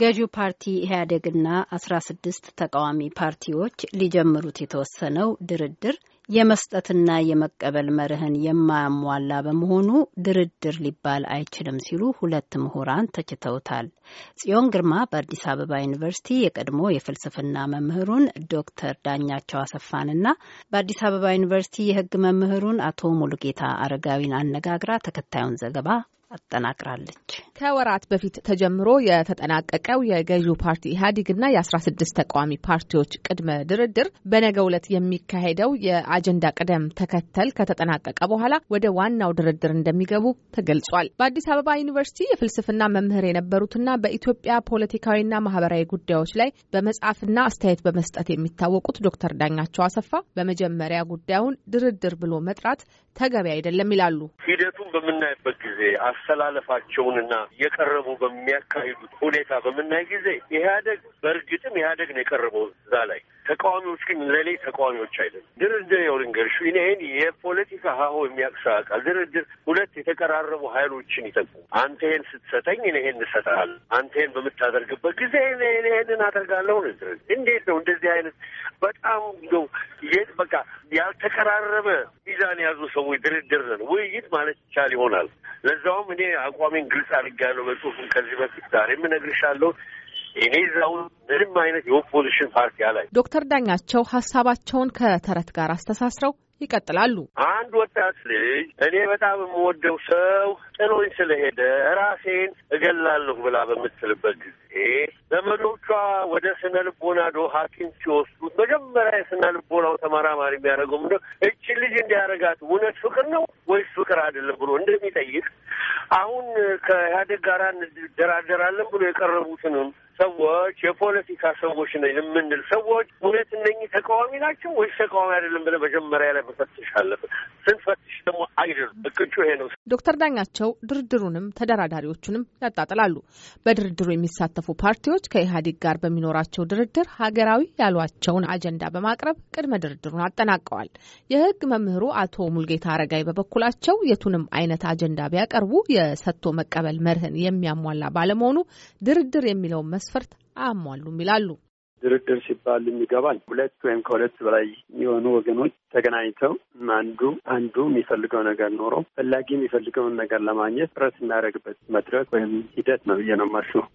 ገዢው ፓርቲ ኢህአዴግና አስራ ስድስት ተቃዋሚ ፓርቲዎች ሊጀምሩት የተወሰነው ድርድር የመስጠትና የመቀበል መርህን የማያሟላ በመሆኑ ድርድር ሊባል አይችልም ሲሉ ሁለት ምሁራን ተችተውታል። ጽዮን ግርማ በአዲስ አበባ ዩኒቨርሲቲ የቀድሞ የፍልስፍና መምህሩን ዶክተር ዳኛቸው አሰፋንና በአዲስ አበባ ዩኒቨርሲቲ የሕግ መምህሩን አቶ ሙሉጌታ አረጋዊን አነጋግራ ተከታዩን ዘገባ አጠናቅራለች። ከወራት በፊት ተጀምሮ የተጠናቀቀው የገዢው ፓርቲ ኢህአዴግና የ16 ተቃዋሚ ፓርቲዎች ቅድመ ድርድር በነገ ዕለት የሚካሄደው የአጀንዳ ቅደም ተከተል ከተጠናቀቀ በኋላ ወደ ዋናው ድርድር እንደሚገቡ ተገልጿል። በአዲስ አበባ ዩኒቨርሲቲ የፍልስፍና መምህር የነበሩትና በኢትዮጵያ ፖለቲካዊና ማህበራዊ ጉዳዮች ላይ በመጻፍና አስተያየት በመስጠት የሚታወቁት ዶክተር ዳኛቸው አሰፋ በመጀመሪያ ጉዳዩን ድርድር ብሎ መጥራት ተገቢ አይደለም ይላሉ። ሂደቱን በምናይበት ጊዜ አስተላለፋቸውንና የቀረቡ በሚያካሂዱት ሁኔታ በምናይ ጊዜ ኢህአደግ በእርግጥም ኢህአደግ ነው የቀረበው እዛ ላይ ተቃዋሚዎች ግን ለእኔ ተቃዋሚዎች አይደለም። ድርድር የው ልንገርሽ፣ ይህን የፖለቲካ ሀሆ የሚያቅሳቃል ድርድር ሁለት የተቀራረቡ ሀይሎችን ይጠቁ። አንተ ይህን ስትሰጠኝ እኔ ይህን እሰጥሃለሁ፣ አንተ ይህን በምታደርግበት ጊዜ ይህንን አደርጋለሁ። እንዴት ነው እንደዚህ አይነት በጣም እንደው በቃ ያልተቀራረበ ሚዛን የያዙ ሰዎች ድርድር ነን ውይይት ማለት ይቻል ይሆናል። ለዛውም እኔ አቋሜን ግልጽ አድርጌያለሁ በጽሁፍም ከዚህ በፊት ዛሬም እነግርሻለሁ የዛ ምንም አይነት የኦፖዚሽን ፓርቲ አላይ። ዶክተር ዳኛቸው ሀሳባቸውን ከተረት ጋር አስተሳስረው ይቀጥላሉ። አንድ ወጣት ልጅ እኔ በጣም የምወደው ሰው ጥሎኝ ስለሄደ ራሴን እገላለሁ ብላ በምትልበት ጊዜ ዘመዶቿ ወደ ስነ ልቦና ዶ ሐኪም ሲወስዱት መጀመሪያ የስነ ልቦናው ተመራማሪ የሚያደርገው ምንድን ነው ልጅ እንዲያደርጋት እውነት ፍቅር ነው ወይስ ፍቅር አይደለም ብሎ እንደሚጠይቅ አሁን ከኢህአዴግ ጋር እንደራደራለን ብሎ የቀረቡትንም ሰዎች የፖለቲካ ሰዎች ነ የምንል ሰዎች እውነት እነኚህ ተቃዋሚ ናቸው ወይስ ተቃዋሚ አይደለም ብለ መጀመሪያ ላይ መፈትሽ አለብን። ስንፈትሽ ደግሞ አይደሉም። እቅጩ ይሄ ነው። ዶክተር ዳኛቸው ድርድሩንም ተደራዳሪዎቹንም ያጣጥላሉ። በድርድሩ የሚሳተፉ ፓርቲዎች ከኢህአዴግ ጋር በሚኖራቸው ድርድር ሀገራዊ ያሏቸውን አጀንዳ በማቅረብ ቅድመ ድርድሩን አጠናቀዋል። የህግ መምህሩ አቶ ሙልጌታ አረጋይ በበኩላቸው የቱንም አይነት አጀንዳ ቢያቀርቡ የሰጥቶ መቀበል መርህን የሚያሟላ ባለመሆኑ ድርድር የሚለውን መስፈርት አያሟሉም ይላሉ። ድርድር ሲባል የሚገባል ሁለት ወይም ከሁለት በላይ የሆኑ ወገኖች ተገናኝተው አንዱ አንዱ የሚፈልገው ነገር ኖሮ ፈላጊ የሚፈልገውን ነገር ለማግኘት ጥረት እናደርግበት መድረክ ወይም ሂደት ነው ብዬ ነው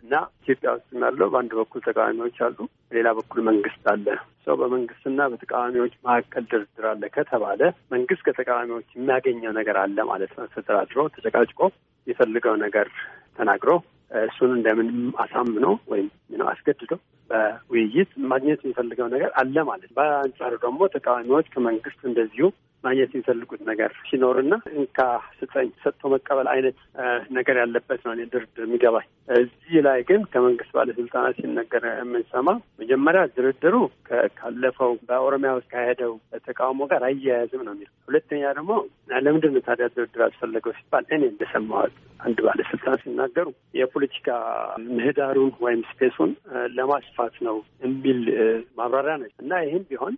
እና ኢትዮጵያ ውስጥ ያለው በአንድ በኩል ተቃዋሚዎች አሉ፣ በሌላ በኩል መንግስት አለ። ሰው በመንግስትና በተቃዋሚዎች መካከል ድርድር አለ ከተባለ መንግስት ከተቃዋሚዎች የሚያገኘው ነገር አለ ማለት ነው። ተደራድሮ ተጨቃጭቆ የፈልገው ነገር ተናግሮ እሱን እንደምንም አሳምኖ ወይም አስገድዶ በውይይት ማግኘት የሚፈልገው ነገር አለ ማለት። በአንጻሩ ደግሞ ተቃዋሚዎች ከመንግስት እንደዚሁ ማግኘት የሚፈልጉት ነገር ሲኖርና እንካ ስጠኝ ሰጥቶ መቀበል አይነት ነገር ያለበት ነው ድርድር የሚገባኝ። እዚህ ላይ ግን ከመንግስት ባለስልጣናት ሲነገር የምንሰማ መጀመሪያ ድርድሩ ካለፈው በኦሮሚያ ውስጥ ካሄደው ተቃውሞ ጋር አያያዝም ነው የሚለው። ሁለተኛ ደግሞ ለምንድን ነው ታዲያ ድርድር አስፈለገው ሲባል እኔ እንደሰማሁት አንድ ባለስልጣን ሲናገሩ የፖለቲካ ምህዳሩን ወይም ስፔሱን ለማስፋት ነው የሚል ማብራሪያ ነች እና ይህም ቢሆን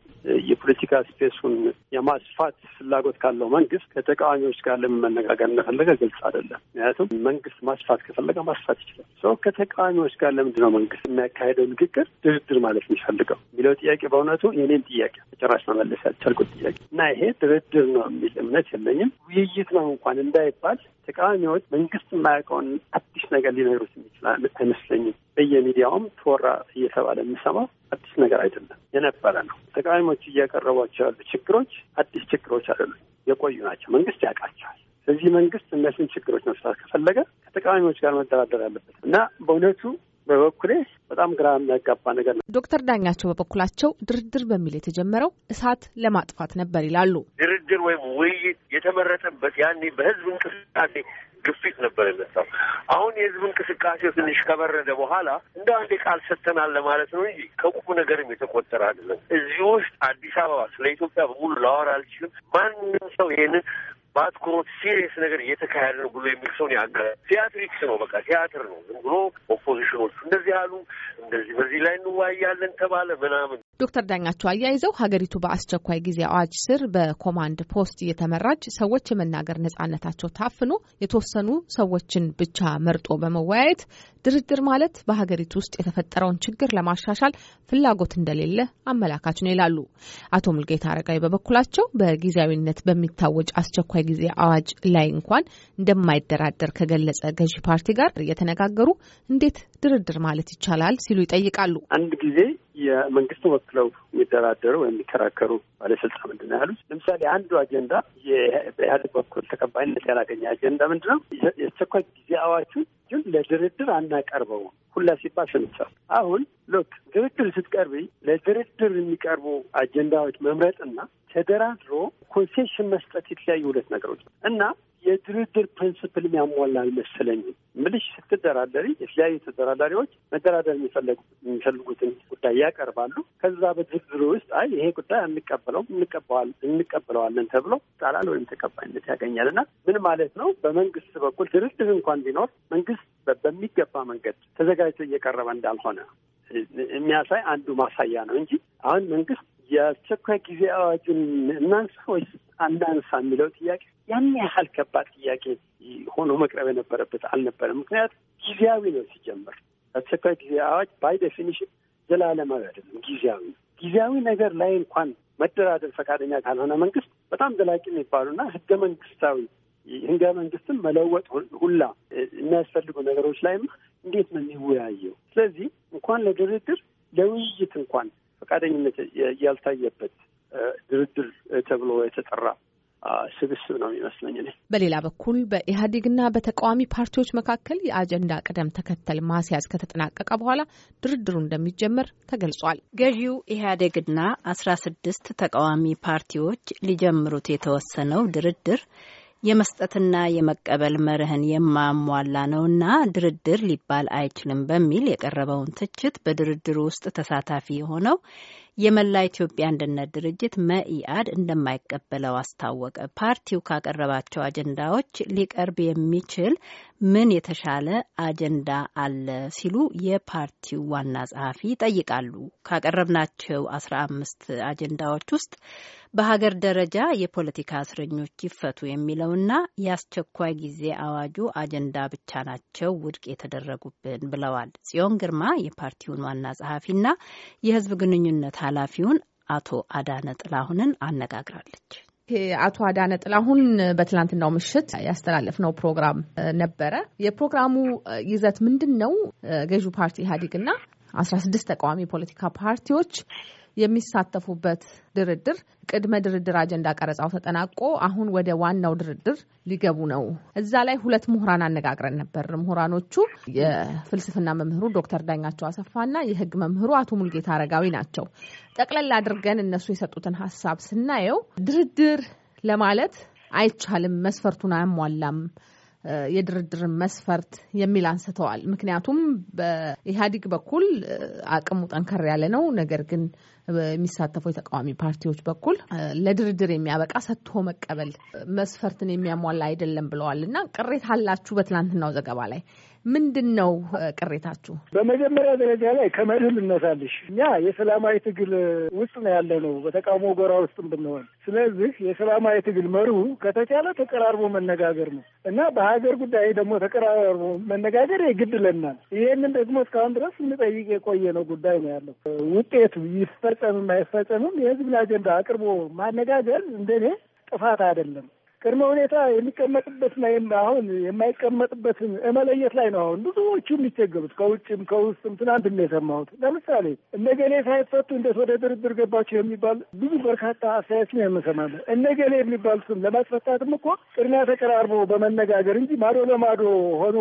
የፖለቲካ ስፔሱን የማስፋት የመስራት ፍላጎት ካለው መንግስት ከተቃዋሚዎች ጋር ለምን መነጋገር እንደፈለገ ግልጽ አይደለም። ምክንያቱም መንግስት ማስፋት ከፈለገ ማስፋት ይችላል። ሰው ከተቃዋሚዎች ጋር ለምንድነው መንግስት የሚያካሄደው ንግግር ድርድር ማለት የሚፈልገው የሚለው ጥያቄ በእውነቱ የኔን ጥያቄ መጨራሽ መመለስ ያልቻልኩት ጥያቄ እና ይሄ ድርድር ነው የሚል እምነት የለኝም። ውይይት ነው እንኳን እንዳይባል ተቃዋሚዎች መንግስት የማያውቀውን አዲስ ነገር ሊነግሩት የሚችል አይመስለኝም። በየሚዲያውም ተወራ እየተባለ የምሰማው አዲስ ነገር አይደለም፣ የነበረ ነው። ተቃዋሚዎቹ እያቀረቧቸው ያሉ ችግሮች አዲስ ችግሮች አይደሉም፣ የቆዩ ናቸው። መንግስት ያውቃቸዋል። ስለዚህ መንግስት እነዚህን ችግሮች መፍታት ከፈለገ ከተቃዋሚዎች ጋር መደራደር አለበት እና በእውነቱ በበኩሌ በጣም ግራ የሚያጋባ ነገር ነው። ዶክተር ዳኛቸው በበኩላቸው ድርድር በሚል የተጀመረው እሳት ለማጥፋት ነበር ይላሉ። ድርድር ወይም ውይይት የተመረጠበት ያኔ በህዝብ እንቅስቃሴ ግፊት ነበር የመጣው። አሁን የህዝብ እንቅስቃሴው ትንሽ ከበረደ በኋላ እንደ አንድ ቃል ሰጥተናል ለማለት ነው እንጂ ከቁም ነገርም የተቆጠረ አይደለም። እዚህ ውስጥ አዲስ አበባ ስለ ኢትዮጵያ በሙሉ ላወራ አልችልም። ማንም ሰው ይሄንን በአትኩሮት ሲሪየስ ነገር እየተካሄደ ነው ብሎ የሚል ሰውን ያገ ቲያትሪክስ ነው። በቃ ቲያትር ነው። ዝም ብሎ ኦፖዚሽኖቹ እንደዚህ አሉ፣ እንደዚህ በዚህ ላይ እንዋያለን ተባለ ምናምን ዶክተር ዳኛቸው አያይዘው ሀገሪቱ በአስቸኳይ ጊዜ አዋጅ ስር በኮማንድ ፖስት እየተመራች ሰዎች የመናገር ነጻነታቸው ታፍኖ የተወሰኑ ሰዎችን ብቻ መርጦ በመወያየት ድርድር ማለት በሀገሪቱ ውስጥ የተፈጠረውን ችግር ለማሻሻል ፍላጎት እንደሌለ አመላካች ነው ይላሉ። አቶ ሙልጌታ አረጋዊ በበኩላቸው በጊዜያዊነት በሚታወጅ አስቸኳይ ጊዜ አዋጅ ላይ እንኳን እንደማይደራደር ከገለጸ ገዢ ፓርቲ ጋር እየተነጋገሩ እንዴት ድርድር ማለት ይቻላል ሲሉ ይጠይቃሉ። አንድ ጊዜ የመንግስት ወክለው የሚደራደሩ ወይም የሚከራከሩ ባለስልጣን ምንድን ነው ያሉት? ለምሳሌ አንዱ አጀንዳ በኢህአዴግ በኩል ተቀባይነት ያላገኘ አጀንዳ ምንድን ነው? የአስቸኳይ ጊዜ አዋጁን ግን ለድርድር አናቀርበውም ሁላ ሲባል ሰምቻለሁ። አሁን ሎክ ድርድር ስትቀርብ ለድርድር የሚቀርቡ አጀንዳዎች መምረጥና ተደራድሮ ኮንሴሽን መስጠት የተለያዩ ሁለት ነገሮች እና የድርድር ፕሪንስፕልም ያሟላ አልመሰለኝም። ምልሽ ስትደራደሪ የተለያዩ ተደራዳሪዎች መደራደር የሚፈልጉትን ጉዳይ ያቀርባሉ። ከዛ በድርድሩ ውስጥ አይ ይሄ ጉዳይ አንቀበለው እንቀበለዋለን ተብሎ ጣላል ወይም ተቀባይነት ያገኛል እና ምን ማለት ነው? በመንግስት በኩል ድርድር እንኳን ቢኖር መንግስት በሚገባ መንገድ ተዘጋጅቶ እየቀረበ እንዳልሆነ የሚያሳይ አንዱ ማሳያ ነው እንጂ አሁን መንግስት የአስቸኳይ ጊዜ አዋጁን እናንስ ወይስ አናንሳ የሚለው ጥያቄ ያን ያህል ከባድ ጥያቄ ሆኖ መቅረብ የነበረበት አልነበረም። ምክንያት ጊዜያዊ ነው ሲጀመር አስቸኳይ ጊዜ አዋጅ ባይ ዴፊኒሽን ዘላለማዊ አይደለም፣ ጊዜያዊ ነው። ጊዜያዊ ነገር ላይ እንኳን መደራደር ፈቃደኛ ካልሆነ መንግስት በጣም ዘላቂ የሚባሉና ህገ መንግስታዊ ህገ መንግስትን መለወጥ ሁላ የሚያስፈልጉ ነገሮች ላይማ እንዴት ነው የሚወያየው? ስለዚህ እንኳን ለድርድር ለውይይት እንኳን ፈቃደኝነት ያልታየበት ድርድር ተብሎ የተጠራ ስብስብ ነው የሚመስለኝ። እኔ በሌላ በኩል በኢህአዴግና በተቃዋሚ ፓርቲዎች መካከል የአጀንዳ ቅደም ተከተል ማስያዝ ከተጠናቀቀ በኋላ ድርድሩ እንደሚጀመር ተገልጿል። ገዢው ኢህአዴግና አስራ ስድስት ተቃዋሚ ፓርቲዎች ሊጀምሩት የተወሰነው ድርድር የመስጠትና የመቀበል መርህን የማሟላ ነውና ድርድር ሊባል አይችልም በሚል የቀረበውን ትችት በድርድሩ ውስጥ ተሳታፊ የሆነው የመላ ኢትዮጵያ አንድነት ድርጅት መኢአድ እንደማይቀበለው አስታወቀ። ፓርቲው ካቀረባቸው አጀንዳዎች ሊቀርብ የሚችል ምን የተሻለ አጀንዳ አለ ሲሉ የፓርቲው ዋና ጸሐፊ ይጠይቃሉ። ካቀረብናቸው አስራ አምስት አጀንዳዎች ውስጥ በሀገር ደረጃ የፖለቲካ እስረኞች ይፈቱ የሚለውና የአስቸኳይ ጊዜ አዋጁ አጀንዳ ብቻ ናቸው ውድቅ የተደረጉብን ብለዋል። ጽዮን ግርማ የፓርቲውን ዋና ጸሐፊና የህዝብ ግንኙነት ኃላፊውን አቶ አዳነ ጥላሁንን አነጋግራለች። አቶ አዳነ ጥላሁን በትላንትናው ምሽት ያስተላለፍነው ፕሮግራም ነበረ። የፕሮግራሙ ይዘት ምንድን ነው? ገዢው ፓርቲ ኢህአዴግና አስራ ስድስት ተቃዋሚ የፖለቲካ ፓርቲዎች የሚሳተፉበት ድርድር ቅድመ ድርድር አጀንዳ ቀረጻው ተጠናቆ አሁን ወደ ዋናው ድርድር ሊገቡ ነው። እዛ ላይ ሁለት ምሁራን አነጋግረን ነበር። ምሁራኖቹ የፍልስፍና መምህሩ ዶክተር ዳኛቸው አሰፋና የህግ መምህሩ አቶ ሙልጌታ አረጋዊ ናቸው። ጠቅለል አድርገን እነሱ የሰጡትን ሀሳብ ስናየው ድርድር ለማለት አይቻልም፣ መስፈርቱን አያሟላም የድርድር መስፈርት የሚል አንስተዋል። ምክንያቱም በኢህአዴግ በኩል አቅሙ ጠንከር ያለ ነው። ነገር ግን የሚሳተፈው የተቃዋሚ ፓርቲዎች በኩል ለድርድር የሚያበቃ ሰጥቶ መቀበል መስፈርትን የሚያሟላ አይደለም ብለዋል እና ቅሬታ አላችሁ በትናንትናው ዘገባ ላይ ምንድን ነው ቅሬታችሁ? በመጀመሪያ ደረጃ ላይ ከመድህ ልነሳልሽ። እኛ የሰላማዊ ትግል ውስጥ ነው ያለ ነው፣ በተቃውሞ ጎራ ውስጥም ብንሆን። ስለዚህ የሰላማዊ ትግል መርሁ ከተቻለ ተቀራርቦ መነጋገር ነው እና በሀገር ጉዳይ ደግሞ ተቀራርቦ መነጋገር የግድ ለናል። ይሄንን ደግሞ እስካሁን ድረስ እንጠይቅ የቆየ ነው ጉዳይ ነው ያለው። ውጤቱ ይፈጸምም አይፈጸምም የህዝብን አጀንዳ አቅርቦ ማነጋገር እንደኔ ጥፋት አይደለም። ቅድመ ሁኔታ የሚቀመጥበትና አሁን የማይቀመጥበትን መለየት ላይ ነው። አሁን ብዙዎቹ የሚቸገሩት ከውጭም ከውስጥም ትናንት የሰማሁት ለምሳሌ እነገሌ ሳይፈቱ እንዴት ወደ ድርድር ገባቸው የሚባል ብዙ በርካታ አስተያየት ነው የምሰማው። እነገሌ ስም ለማስፈታትም እኮ ቅድሚያ ተቀራርቦ በመነጋገር እንጂ ማዶ ለማዶ ሆኖ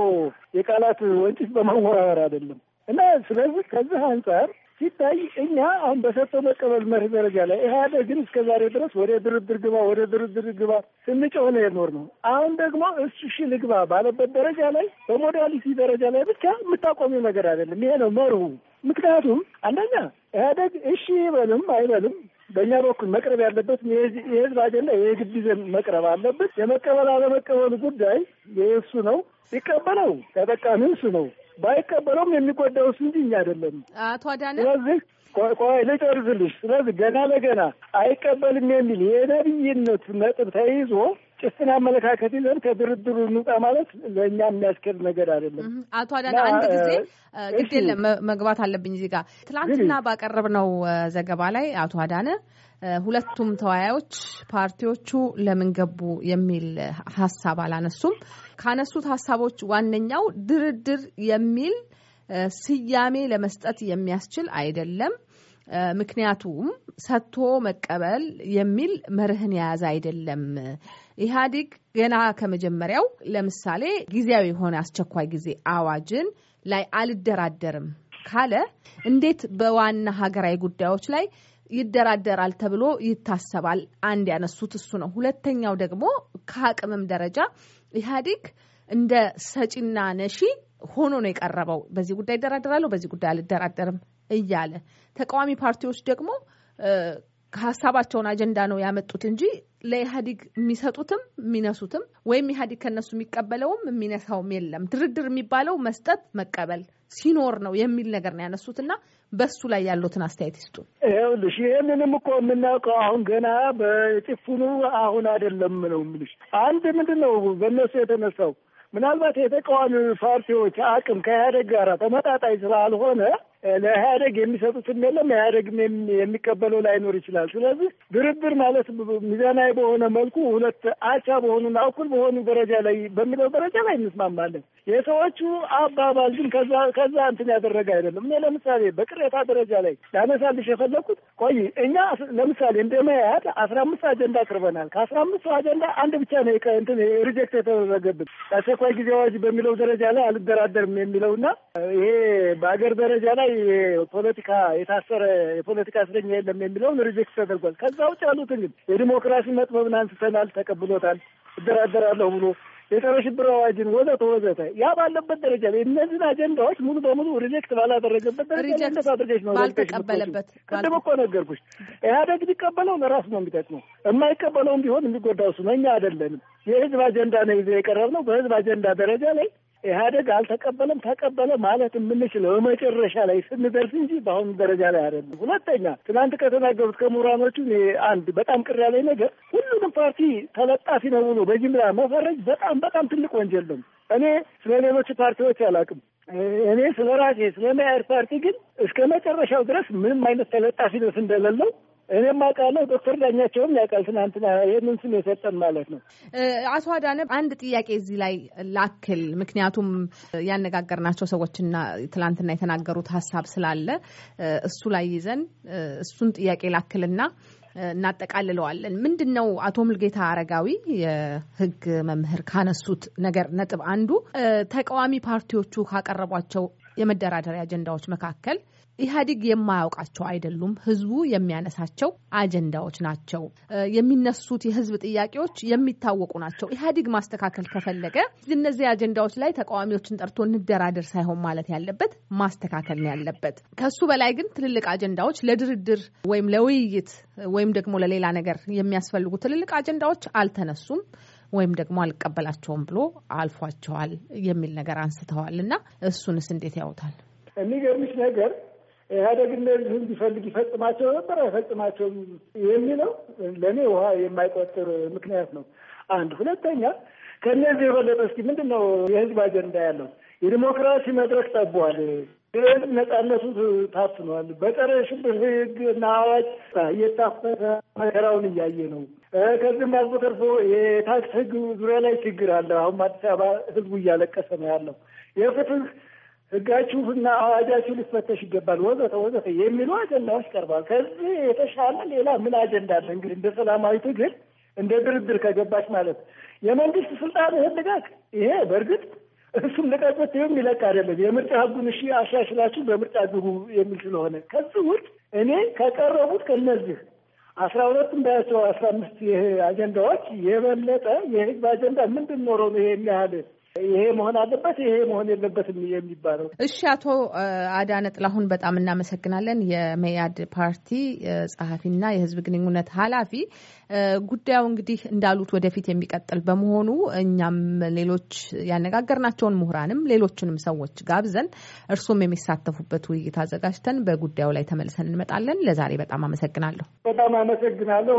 የቃላት ወንጭፍ በማወራወር አይደለም እና ስለዚህ ከዚህ አንጻር ሲታይ እኛ አሁን በሰጠው መቀበል መርህ ደረጃ ላይ ኢህአዴግን እስከ ዛሬ ድረስ ወደ ድርድር ግባ ወደ ድርድር ግባ ስንጮህ ነው የኖርነው። አሁን ደግሞ እሱ እሺ ልግባ ባለበት ደረጃ ላይ በሞዳሊቲ ደረጃ ላይ ብቻ የምታቆሚው ነገር አይደለም። ይሄ ነው መርሁ። ምክንያቱም አንደኛ ኢህአዴግ እሺ ይበልም አይበልም በእኛ በኩል መቅረብ ያለበት የህዝብ አጀንዳ የግድ ይዘን መቅረብ አለበት። የመቀበል አለመቀበሉ ጉዳይ የእሱ ነው። ሲቀበለው ተጠቃሚ እሱ ነው። ባይቀበለውም የሚጎዳው እሱ እንጂ እኛ አይደለም። አቶ አዳነ ስለዚህ ቆይ ልጨርስልሽ። ስለዚህ ገና ለገና አይቀበልም የሚል የነብይነት ነጥብ ተይዞ ጭፍን አመለካከት ይዘን ከድርድሩ እንውጣ ማለት ለእኛ የሚያስከድ ነገር አይደለም። አቶ አዳነ አንድ ጊዜ ግድ የለም መግባት አለብኝ እዚህ ጋር ትላንትና ባቀረብነው ዘገባ ላይ አቶ አዳነ ሁለቱም ተወያዮች ፓርቲዎቹ ለምን ገቡ የሚል ሀሳብ አላነሱም። ካነሱት ሀሳቦች ዋነኛው ድርድር የሚል ስያሜ ለመስጠት የሚያስችል አይደለም ምክንያቱም ሰጥቶ መቀበል የሚል መርህን የያዘ አይደለም። ኢህአዴግ ገና ከመጀመሪያው ለምሳሌ ጊዜያዊ የሆነ አስቸኳይ ጊዜ አዋጅን ላይ አልደራደርም ካለ እንዴት በዋና ሀገራዊ ጉዳዮች ላይ ይደራደራል ተብሎ ይታሰባል? አንድ ያነሱት እሱ ነው። ሁለተኛው ደግሞ ከአቅምም ደረጃ ኢህአዴግ እንደ ሰጪና ነሺ ሆኖ ነው የቀረበው። በዚህ ጉዳይ ይደራደራለሁ፣ በዚህ ጉዳይ አልደራደርም እያለ ተቃዋሚ ፓርቲዎች ደግሞ ከሀሳባቸውን አጀንዳ ነው ያመጡት እንጂ ለኢህአዴግ የሚሰጡትም የሚነሱትም ወይም ኢህአዴግ ከነሱ የሚቀበለውም የሚነሳውም የለም። ድርድር የሚባለው መስጠት መቀበል ሲኖር ነው የሚል ነገር ነው ያነሱትና በሱ ላይ ያሉትን አስተያየት ይስጡ ይኸውልሽ ይህንንም እኮ የምናውቀው አሁን ገና በጭፉኑ አሁን አይደለም ነው የምልሽ። አንድ ምንድን ነው በእነሱ የተነሳው ምናልባት የተቃዋሚ ፓርቲዎች አቅም ከኢህአዴግ ጋር ተመጣጣኝ ስላልሆነ ለኢህአደግ የሚሰጡትም የለም ኢህአደግም የሚቀበለው ላይኖር ይችላል። ስለዚህ ድርድር ማለት ሚዛናዊ በሆነ መልኩ ሁለት አቻ በሆኑና እኩል በሆኑ ደረጃ ላይ በሚለው ደረጃ ላይ እንስማማለን። የሰዎቹ አባባል ግን ከዛ ከዛ እንትን ያደረገ አይደለም። እኔ ለምሳሌ በቅሬታ ደረጃ ላይ ላነሳልሽ የፈለኩት ቆይ እኛ ለምሳሌ እንደ መያድ አስራ አምስት አጀንዳ አቅርበናል። ከአስራ አምስቱ አጀንዳ አንድ ብቻ ነው እንትን ሪጀክት የተደረገብን አስቸኳይ ጊዜ አዋጅ በሚለው ደረጃ ላይ አልደራደርም የሚለውና ይሄ በአገር ደረጃ ላይ ላይ ፖለቲካ የታሰረ የፖለቲካ እስረኛ የለም የሚለውን ሪጀክት ተደርጓል። ከዛ ውጭ ያሉት እንግዲህ የዲሞክራሲ መጥበብን አንስተናል፣ ተቀብሎታል፣ እደራደራለሁ ብሎ የጸረ ሽብር አዋጅን ወዘተ ወዘተ ያ ባለበት ደረጃ እነዚህን አጀንዳዎች ሙሉ በሙሉ ሪጀክት ባላደረገበት ደረጃ እንደት አድርገሽ ነው ባልተቀበለበት ቅድም እኮ ነገርኩሽ ኢህአደግ ቢቀበለው ለራሱ ነው የሚጠቅመው የማይቀበለውም ቢሆን የሚጎዳው እሱ ነው እኛ አይደለንም የህዝብ አጀንዳ ነው ይዘ የቀረብ ነው በህዝብ አጀንዳ ደረጃ ላይ ኢህአደግ አልተቀበለም ተቀበለ ማለት የምንችለው መጨረሻ ላይ ስንደርስ እንጂ በአሁኑ ደረጃ ላይ አይደለም። ሁለተኛ ትናንት ከተናገሩት ከምሁራኖቹ አንድ በጣም ቅር ያለኝ ነገር ሁሉንም ፓርቲ ተለጣፊ ነው ብሎ በጅምላ መፈረጅ በጣም በጣም ትልቅ ወንጀል ነው። እኔ ስለ ሌሎች ፓርቲዎች አላውቅም። እኔ ስለ ራሴ ስለ መያድ ፓርቲ ግን እስከ መጨረሻው ድረስ ምንም አይነት ተለጣፊነት እንደሌለው እኔም አውቃለሁ፣ ዶክተር ዳኛቸውም ያውቃል። ትናንትና ይህንን ስም የሰጠን ማለት ነው። አቶ አዳነ አንድ ጥያቄ እዚህ ላይ ላክል፣ ምክንያቱም ያነጋገርናቸው ሰዎችና ትናንትና የተናገሩት ሀሳብ ስላለ እሱ ላይ ይዘን እሱን ጥያቄ ላክልና እናጠቃልለዋለን። ምንድን ነው አቶ ሙልጌታ አረጋዊ የህግ መምህር ካነሱት ነገር ነጥብ አንዱ ተቃዋሚ ፓርቲዎቹ ካቀረቧቸው የመደራደሪያ አጀንዳዎች መካከል ኢህአዲግ የማያውቃቸው አይደሉም፣ ህዝቡ የሚያነሳቸው አጀንዳዎች ናቸው። የሚነሱት የህዝብ ጥያቄዎች የሚታወቁ ናቸው። ኢህአዲግ ማስተካከል ከፈለገ እነዚህ አጀንዳዎች ላይ ተቃዋሚዎችን ጠርቶ እንደራደር ሳይሆን ማለት ያለበት ማስተካከል ነው ያለበት። ከሱ በላይ ግን ትልልቅ አጀንዳዎች ለድርድር ወይም ለውይይት ወይም ደግሞ ለሌላ ነገር የሚያስፈልጉ ትልልቅ አጀንዳዎች አልተነሱም። ወይም ደግሞ አልቀበላቸውም ብሎ አልፏቸዋል የሚል ነገር አንስተዋል እና እሱንስ እንዴት ያውታል? የሚገርምሽ ነገር ኢህአደግ እነዚህን እንዲፈልግ ይፈጽማቸው ነበር አይፈጽማቸውም የሚለው ለእኔ ውሃ የማይቆጥር ምክንያት ነው። አንድ ሁለተኛ፣ ከእነዚህ የበለጠ እስኪ ምንድን ነው የህዝብ አጀንዳ ያለው? የዲሞክራሲ መድረክ ጠቧል። የህዝብ ነጻነቱ ታፍኗል። በጸረ ሽብር ህግ እና አዋጅ እየታፈሰ መከራውን እያየ ነው። ከዚህም አልፎ ተርፎ የታክስ ህግ ዙሪያ ላይ ችግር አለ። አሁን አዲስ አበባ ህዝቡ እያለቀሰ ነው ያለው። የፍትህ ህጋችሁና አዋጃችሁ ሊፈተሽ ይገባል ወዘተ ወዘተ የሚሉ አጀንዳዎች ቀርቧል። ከዚህ የተሻለ ሌላ ምን አጀንዳ አለ? እንግዲህ እንደ ሰላማዊ ትግል እንደ ድርድር ከገባች ማለት የመንግስት ስልጣን ይህን ልቀቅ፣ ይሄ በእርግጥ እሱም ልቀቅበት ይሁን ይለቅ አይደለም የምርጫ ህጉን እሺ አሻሽላችሁ በምርጫ ግቡ የሚል ስለሆነ ከዚህ ውጭ እኔ ከቀረቡት ከነዚህ አስራ ሁለቱም ባያቸው አስራ አምስት አጀንዳዎች የበለጠ የህዝብ አጀንዳ ምንድን ኖሮ ነው ይሄን ያህል ይሄ መሆን አለበት፣ ይሄ መሆን የለበትም የሚባለው። እሺ፣ አቶ አዳነ ጥላሁን በጣም እናመሰግናለን። የመያድ ፓርቲ ጸሐፊና የህዝብ ግንኙነት ኃላፊ። ጉዳዩ እንግዲህ እንዳሉት ወደፊት የሚቀጥል በመሆኑ እኛም ሌሎች ያነጋገርናቸውን ምሁራንም ሌሎችንም ሰዎች ጋብዘን እርሱም የሚሳተፉበት ውይይት አዘጋጅተን በጉዳዩ ላይ ተመልሰን እንመጣለን። ለዛሬ በጣም አመሰግናለሁ። በጣም አመሰግናለሁ።